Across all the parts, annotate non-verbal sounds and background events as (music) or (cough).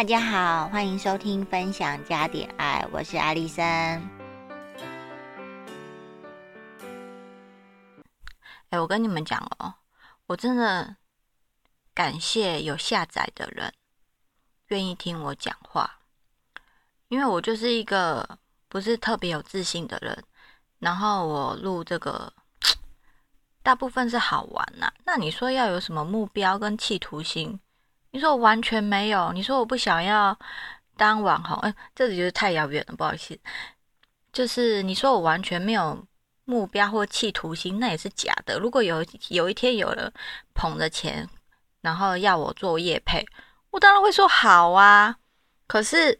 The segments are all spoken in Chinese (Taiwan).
大家好，歡迎收聽分享加點愛，我是艾莉森。哎、欸，我跟你們講哦，我真的感謝有下載的人，願意聽我講話，因為我就是一個不是特別有自信的人。然後我錄這個，大部分是好玩吶、啊。那你說要有什麼目標跟企圖心？你說我完全沒有？你說我不想要當網紅？哎、欸，這裡就是太遙遠了，不好意思。就是你說我完全沒有目標或企圖心，那也是假的。如果有有一天有人捧着錢，然後要我做業配，我當然會說好啊。可是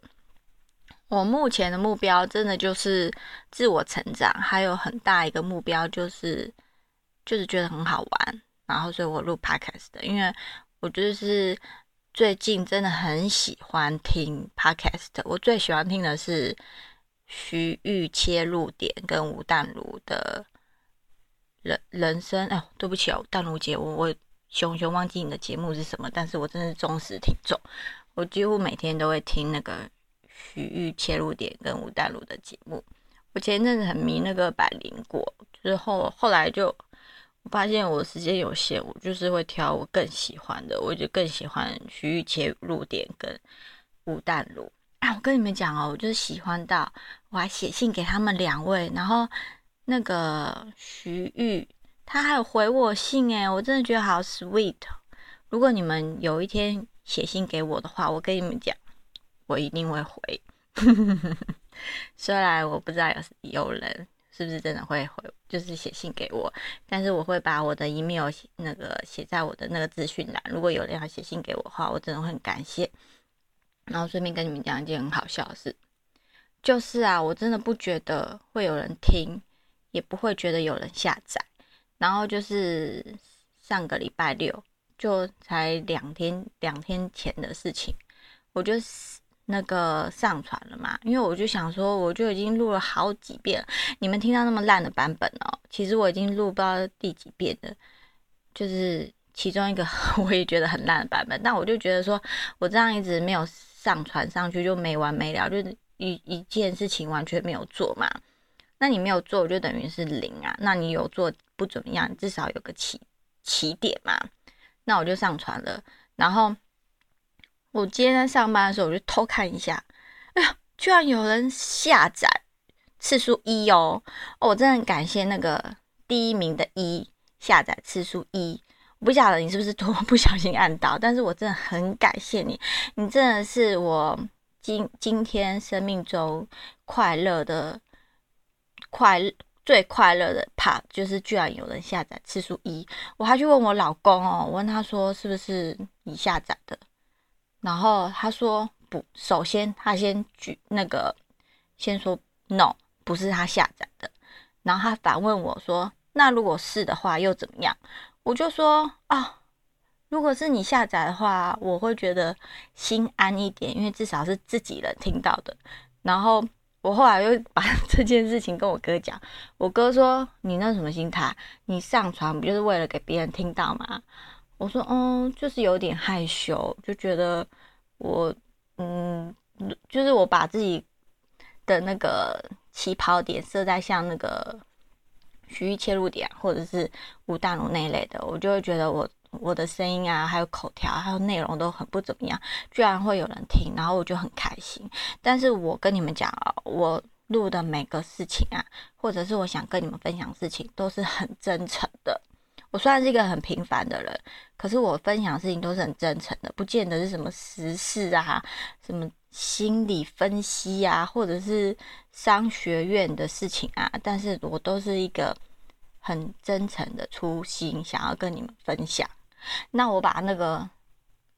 我目前的目標真的就是自我成長，還有很大一個目標就是，就是覺得很好玩，然後所以我錄 Podcast 的，因為我就是。最近真的很喜歡聽 Podcast，我最喜歡聽的是徐玉切入點跟吳淡如的人人生。哎，對不起哦，淡如姐，我我熊熊忘記你的節目是什麼，但是我真的是忠實聽眾，我幾乎每天都會聽那個徐玉切入點跟吳淡如的節目。我前陣子很迷那個百靈果，就是後後來就。我發現我時間有限，我就是會挑我更喜歡的。我就更喜歡徐玉切入點跟吳淡如。啊，我跟你們講哦，我就是喜歡到我還寫信給他們兩位，然後那個徐玉他還有回我信誒、欸，我真的覺得好 sweet。如果你們有一天寫信給我的話，我跟你們講，我一定會回。 (laughs) 雖然我不知道有有人。是不是真的會回，就是寫信給我？但是我會把我的 email 寫那個寫在我的那個資訊欄。如果有人要寫信給我的話，我真的會很感謝。然後順便跟你們講一件很好笑的事，就是啊，我真的不覺得會有人聽，也不會覺得有人下載。然後就是上個禮拜六，就才兩天，兩天前的事情，我就是那個上傳了嘛？因為我就想說，我就已經錄了好幾遍了，你們聽到那麼爛的版本哦。其實我已經錄不知道第幾遍了，就是其中一個我也覺得很爛的版本。但我就覺得說，我這樣一直沒有上傳上去，就沒完沒了，就是一一件事情完全沒有做嘛。那你沒有做，我就等於是零啊。那你有做不怎麼樣，至少有個起起點嘛。那我就上傳了，然後。我今天在上班的時候，我就偷看一下，哎呀，居然有人下載次數一哦！哦，我真的感謝那個第一名的一下載次數一。我不曉得你是不是多麼不小心按到，但是我真的很感謝你，你真的是我今今天生命中快樂的快最快樂的 part，就是居然有人下載次數一。我還去問我老公哦，我問他說是不是你下載的？然後他說不，首先他先舉那個，先說 no，不是他下載的。然後他反問我說：“那如果是的話，又怎麼樣？”我就說：“啊、哦，如果是你下載的話，我會覺得心安一點，因為至少是自己人聽到的。”然後我後來又把這件事情跟我哥講，我哥說：“你那是什麼心態？你上傳不就是為了給別人聽到嗎？”我說，嗯、哦，就是有點害羞，就覺得我，嗯，就是我把自己的那個起跑點設在像那個徐藝切入點啊，或者是吳大龍那類的，我就會覺得我我的聲音啊，還有口條，還有內容都很不怎麼樣，居然會有人聽，然後我就很開心。但是我跟你們講啊、哦，我錄的每個事情啊，或者是我想跟你們分享事情，都是很真誠的。我雖然是一個很平凡的人，可是我分享的事情都是很真誠的，不見得是什麼時事啊、什麼心理分析啊，或者是商學院的事情啊，但是我都是一個很真誠的初心，想要跟你們分享。那我把那個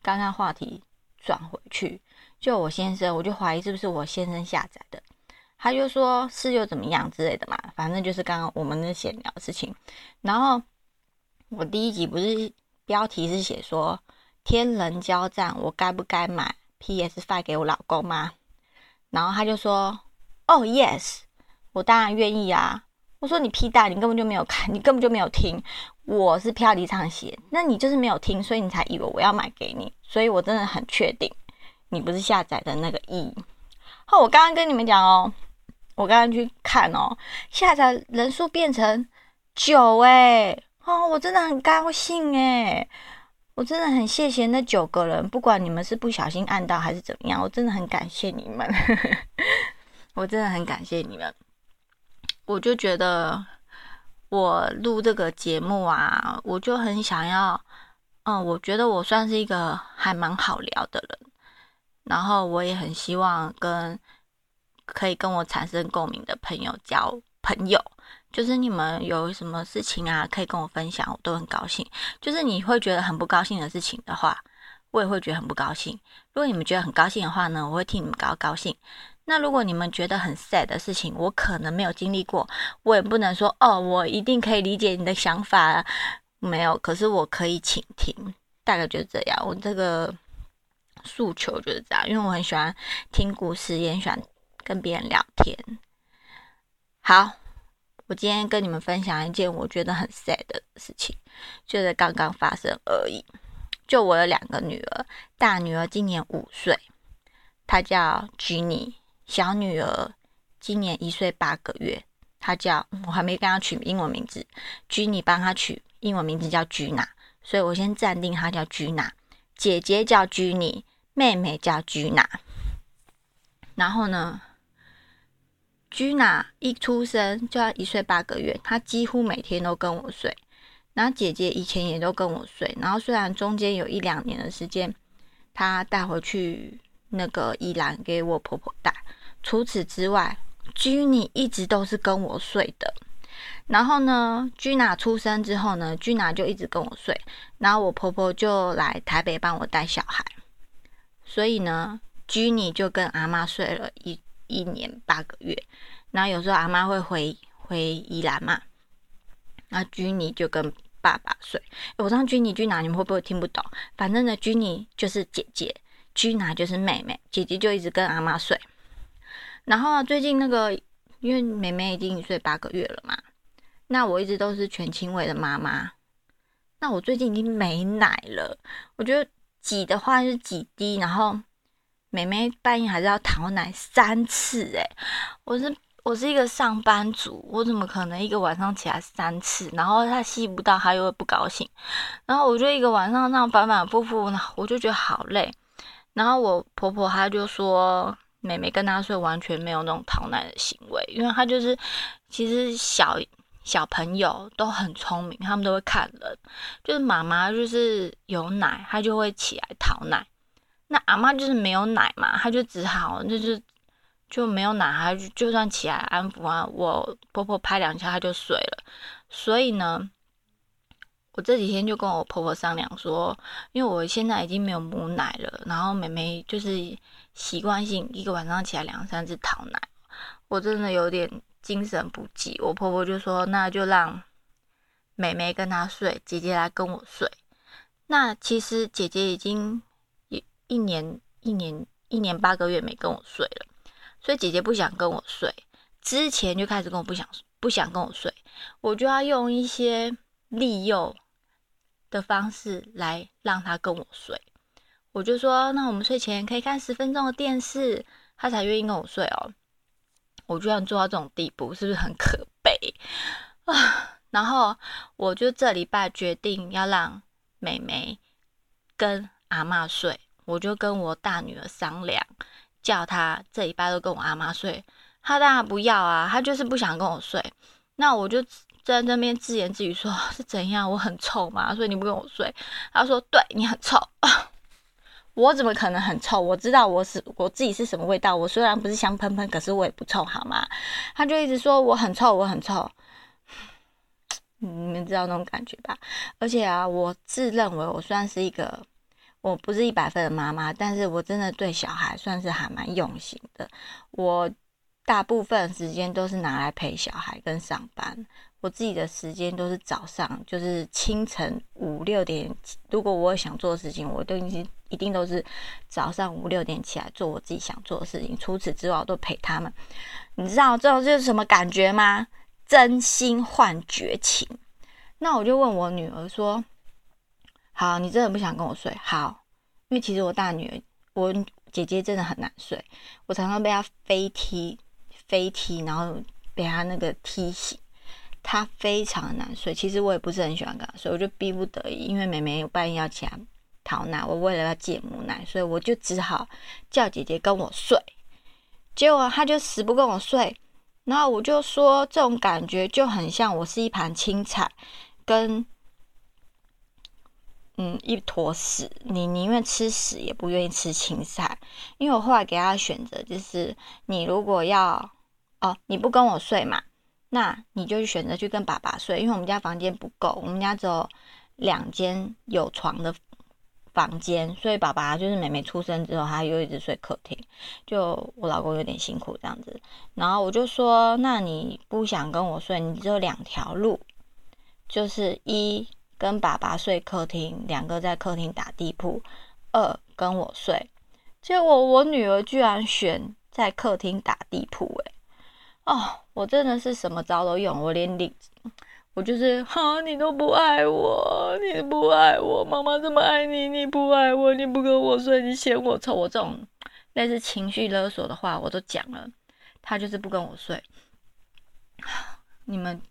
剛剛話題轉回去，就我先生，我就懷疑是不是我先生下載的，他就說是又怎麼樣之類的嘛，反正就是剛剛我們那閒聊的事情，然後。我第一集不是標題是寫說天人交戰，我該不該買 PS5 給我老公嗎？然後他就說：“哦、oh,，yes，我當然願意啊。”我說：“你屁大，你根本就沒有看，你根本就沒有聽，我是飄離場寫，那你就是沒有聽，所以你才以為我要買給你。所以我真的很確定你不是下載的那個 E。」哦，我剛剛跟你們講哦，我剛剛去看哦，下載人數變成九誒、欸哦，我真的很高興哎，我真的很謝謝那九個人，不管你們是不小心按到還是怎麼樣，我真的很感謝你們， (laughs) 我真的很感謝你們。我就覺得我錄這個節目啊，我就很想要，嗯，我覺得我算是一個還蠻好聊的人，然後我也很希望跟可以跟我產生共鳴的朋友交朋友。就是你們有什麼事情啊，可以跟我分享，我都很高興。就是你會覺得很不高興的事情的話，我也會覺得很不高興。如果你們覺得很高興的話呢，我會替你們高高興。那如果你們覺得很 sad 的事情，我可能沒有經歷過，我也不能說哦，我一定可以理解你的想法。沒有，可是我可以傾聽。大概就是這樣，我這個訴求就是這樣，因為我很喜歡聽故事，也喜歡跟別人聊天。好。我今天跟你們分享一件我覺得很 sad 的事情，就在剛剛發生而已。就我有兩個女兒，大女兒今年五歲，她叫 Junie，小女兒今年一歲八個月，她叫，我還沒跟她取英文名字，Junie 幫她取英文名字叫 Junna，所以我先暫定她叫 Junna，姐姐叫 Junie，妹妹叫 Junna。然後呢，君娜一出生就要一歲八個月，她幾乎每天都跟我睡。然後姐姐以前也都跟我睡，然後雖然中間有一兩年的時間，她帶回去那個宜蘭給我婆婆帶。除此之外，君妮一直都是跟我睡的。然後呢，君娜出生之後呢，君娜就一直跟我睡，然後我婆婆就來台北幫我帶小孩，所以呢，君妮就跟阿嬤睡了一一年八個月，然後有時候阿媽會回回宜蘭嘛，那君妮就跟爸爸睡。欸、我上君妮君哪，你們會不會聽不懂？反正呢，君妮就是姐姐，君哪就是妹妹，姐姐就一直跟阿媽睡。然後、啊、最近那個因為妹妹已經一歲八個月了嘛，那我一直都是全親餵的媽媽，那我最近已經沒奶了。我覺得擠的話就擠滴，然後。妹妹半夜還是要討奶三次誒、欸，我是我是一個上班族，我怎麼可能一個晚上起來三次？然後她吸不到，她又會不高興。然後我就一個晚上這樣反反復復，我就覺得好累。然後我婆婆她就說，妹妹跟她睡完全沒有那種討奶的行為，因為她就是其實小小朋友都很聰明，他們都會看人，就是媽媽就是有奶，她就會起來討奶。那阿媽就是沒有奶嘛，她就只好就是就沒有奶，她就，就算起來安撫啊，我婆婆拍兩下，她就睡了。所以呢，我這幾天就跟我婆婆商量說，因為我現在已經沒有母奶了，然後妹妹就是習慣性一個晚上起來兩三次討奶，我真的有點精神不濟。我婆婆就說，那就讓妹妹跟她睡，姐姐來跟我睡。那其實姐姐已經。一年一年一年八個月沒跟我睡了，所以姐姐不想跟我睡，之前就開始跟我不想不想跟我睡，我就要用一些利誘的方式來讓她跟我睡。我就說，那我們睡前可以看十分鐘的電視，她才願意跟我睡哦。我就要做到這種地步，是不是很可悲啊？呃，然後我就這禮拜決定要讓美眉跟阿嬤睡。我就跟我大女兒商量，叫她這禮拜都跟我阿媽睡。她當然不要啊，她就是不想跟我睡。那我就在那邊自言自語說：是怎樣？我很臭嗎？所以你不跟我睡？她說：對你很臭。 (laughs) 我怎麼可能很臭？我知道我是我自己是什麼味道。我雖然不是香噴噴，可是我也不臭好嗎？她就一直說我很臭，我很臭。 (coughs) 你們知道那種感覺吧？而且啊，我自認為我算是一個。我不是一百分的媽媽，但是我真的對小孩算是還蠻用心的。我大部分時間都是拿來陪小孩跟上班，我自己的時間都是早上，就是清晨五六點。如果我想做的事情，我都已經一定都是早上五六點起來做我自己想做的事情。除此之外，我都陪他們。你知道這種就是什麼感覺嗎？真心換絕情。那我就問我女兒說。好，你真的不想跟我睡？好，因為其實我大女兒，我姐姐真的很難睡，我常常被她飛踢，飛踢，然後被她那個踢醒，她非常難睡。其實我也不是很喜歡跟她睡，我就逼不得已，因為妹妹有半夜要起來討奶，我為了要戒母奶，所以我就只好叫姐姐跟我睡，結果她就死不跟我睡，然後我就說，這種感覺就很像我是一盤青菜，跟嗯，一坨屎，你寧願吃屎也不願意吃青菜，因為我後來給他選擇，就是你如果要，哦，你不跟我睡嘛，那你就選擇去跟爸爸睡，因為我們家房間不夠，我們家只有兩間有床的房間，所以爸爸就是妹妹出生之後，他又一直睡客廳，就我老公有點辛苦這樣子，然後我就說，那你不想跟我睡，你只有兩條路，就是一。跟爸爸睡客廳，兩個在客廳打地鋪。二跟我睡，結果我女兒居然選在客廳打地鋪。哎，哦，我真的是什麼招都用，我連領，我就是哈、啊，你都不愛我，你不愛我，媽媽這麼愛你，你不愛我，你不跟我睡，你嫌我臭，我這種類似情緒勒索的話我都講了，她就是不跟我睡。你們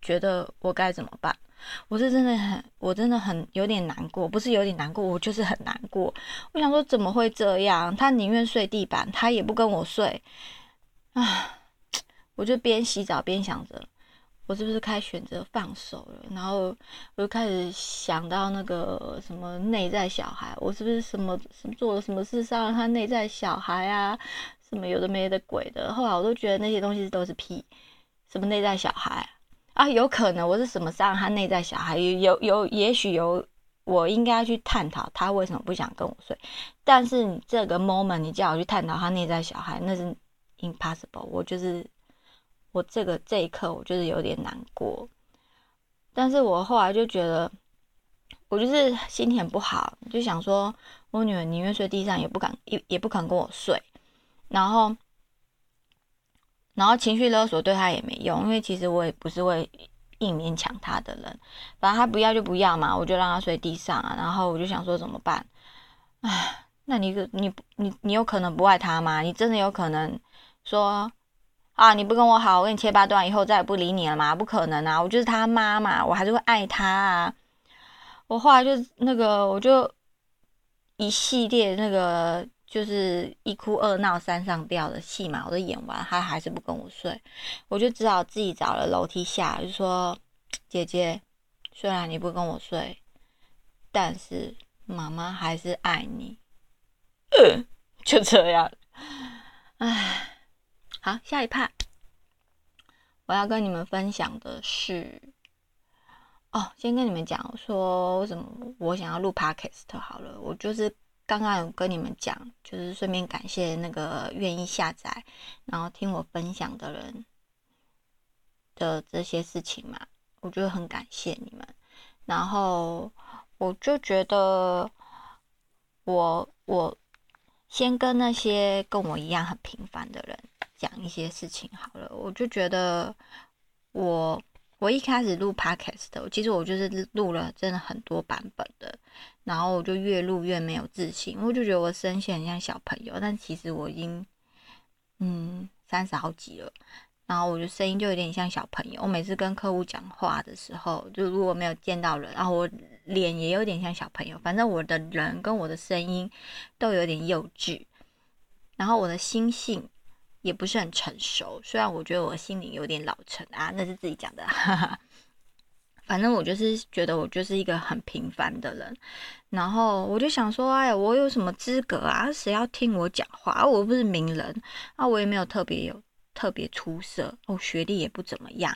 覺得我該怎麼辦？我是真的很，我真的很有點難過，不是有點難過，我就是很難過。我想說怎麼會這樣？他寧願睡地板，他也不跟我睡。啊，我就邊洗澡邊想着，我是不是該選擇放手了？然後我就開始想到那個什麼內在小孩，我是不是什麼什麼做了什麼事傷了他內在小孩啊？什麼有的沒的鬼的，後來我都覺得那些東西都是屁，什麼內在小孩啊。啊，有可能我是什麼傷害他內在小孩？有有，也許有，我應該去探討他為什麼不想跟我睡。但是你這個 moment，你叫我去探討他內在小孩，那是 impossible。我就是我這個這一刻，我就是有點難過。但是我後來就覺得，我就是心情不好，就想說我女兒寧願睡地上也，也不敢也也不肯跟我睡。然後。然後情緒勒索對他也沒用，因為其實我也不是會硬勉強他的人，反正他不要就不要嘛，我就讓他睡地上啊。然後我就想說怎麼辦？唉，那你你你你有可能不愛他嗎？你真的有可能說啊你不跟我好，我跟你切八段以後再也不理你了嘛？不可能啊，我就是他媽嘛，我還是會愛他啊。我後來就那個，我就一系列那個。就是一哭二鬧三上吊的戲嘛，我都演完，他還是不跟我睡，我就只好自己找了樓梯下，就說：“姐姐，雖然你不跟我睡，但是媽媽還是愛你。”呃，嗯，就這樣。唉，好，下一趴。我要跟你們分享的是，哦，先跟你們講說，為什麼我想要錄 podcast 好了，我就是。剛剛有跟你們講，就是順便感謝那個願意下載，然後聽我分享的人的這些事情嘛，我覺得很感謝你們。然後我就覺得我，我我先跟那些跟我一樣很平凡的人講一些事情好了。我就覺得我，我我一開始錄 Podcast 的，其實我就是錄了真的很多版本的。然後我就越錄越沒有自信，我就覺得我聲線很像小朋友，但其實我已經嗯三十好幾了。然後我的聲音就有點像小朋友，我每次跟客戶講話的時候，就如果沒有見到人，然後我臉也有點像小朋友。反正我的人跟我的聲音都有點幼稚，然後我的心性也不是很成熟。雖然我覺得我心靈有點老成啊，那是自己講的。 (laughs) 反正我就是覺得我就是一個很平凡的人，然後我就想說，哎呀，我有什麼資格啊？誰要聽我講話？我不是名人啊，我也沒有特別有特別出色，哦，學歷也不怎麼樣，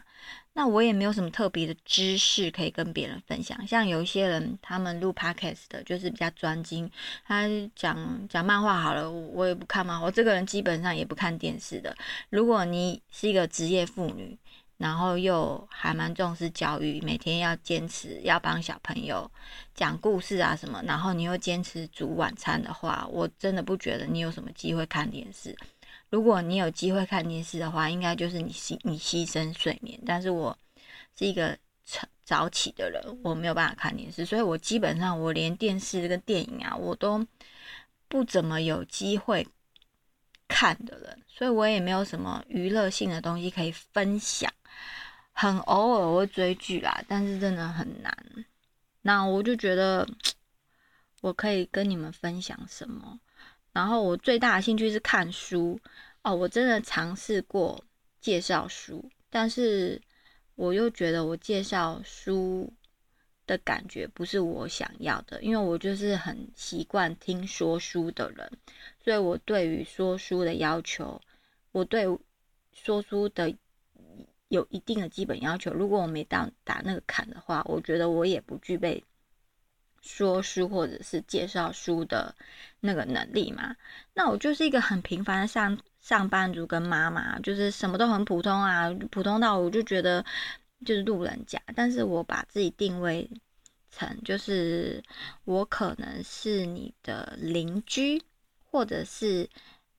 那我也沒有什麼特別的知識可以跟別人分享。像有一些人，他們錄 podcast 的就是比較專精，他講講漫畫好了，我我也不看嘛。我這個人基本上也不看電視的。如果你是一個職業婦女，然後又還蠻重視教育，每天要堅持要幫小朋友講故事啊什麼。然後你又堅持煮晚餐的話，我真的不覺得你有什麼機會看電視。如果你有機會看電視的話，應該就是你犧你犧牲睡眠。但是我是一個早起的人，我沒有辦法看電視，所以我基本上我連電視跟電影啊，我都不怎麼有機會。看的人，所以我也沒有什麼娛樂性的東西可以分享。很偶爾我會追劇啦、啊，但是真的很難。那我就覺得我可以跟你們分享什麼？然後我最大的興趣是看書。哦，我真的嘗試過介紹書，但是我又覺得我介紹書。的感覺不是我想要的，因為我就是很習慣聽說書的人，所以我對於說書的要求，我對說書的有一定的基本要求。如果我沒到打，打那個坎的話，我覺得我也不具備說書或者是介紹書的那個能力嘛。那我就是一個很平凡的上上班族跟媽媽，就是什麼都很普通啊，普通到我就覺得。就是路人甲，但是我把自己定位成就是我可能是你的鄰居，或者是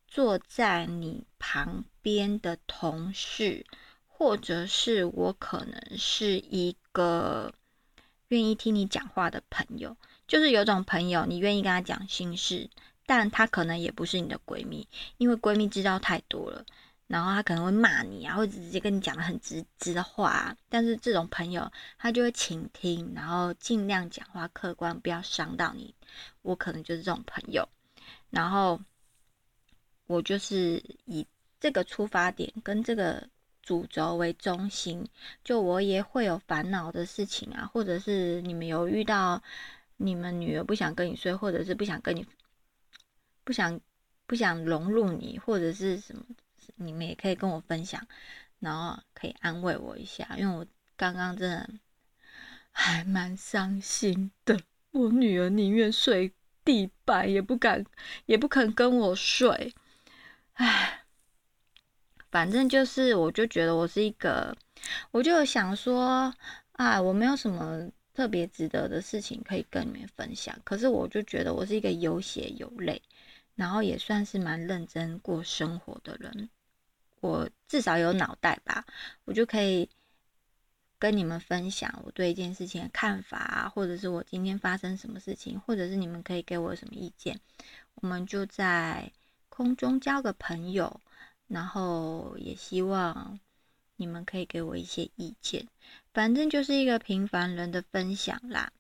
坐在你旁邊的同事，或者是我可能是一個願意聽你講話的朋友，就是有種朋友你願意跟他講心事，但他可能也不是你的閨蜜，因為閨蜜知道太多了。然後他可能會罵你，啊，或者直接跟你講的很直直的話，啊。但是這種朋友，他就會傾聽，然後盡量講話客觀，不要傷到你。我可能就是這種朋友。然後我就是以這個出發點跟這個主軸為中心，就我也會有煩惱的事情啊，或者是你們有遇到你們女兒不想跟你睡，或者是不想跟你不想不想融入你，或者是什麼。你們也可以跟我分享，然後可以安慰我一下，因為我剛剛真的還蠻傷心的。我女兒寧願睡地板，也不敢，也不肯跟我睡。唉，反正就是，我就覺得我是一個，我就想說，啊，我沒有什麼特別值得的事情可以跟你們分享。可是，我就覺得我是一個有血有淚，然後也算是蠻認真過生活的人。我至少有腦袋吧，我就可以跟你們分享我對一件事情的看法啊，或者是我今天發生什麼事情，或者是你們可以給我什麼意見，我們就在空中交個朋友，然後也希望你們可以給我一些意見。反正就是一個平凡人的分享啦，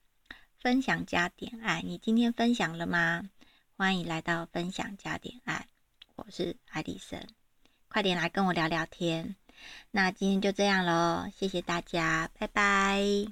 分享加點愛。你今天分享了嗎？歡迎來到分享加點愛，我是艾莉森。快點來跟我聊聊天，那今天就這樣嘍，謝謝大家，拜拜。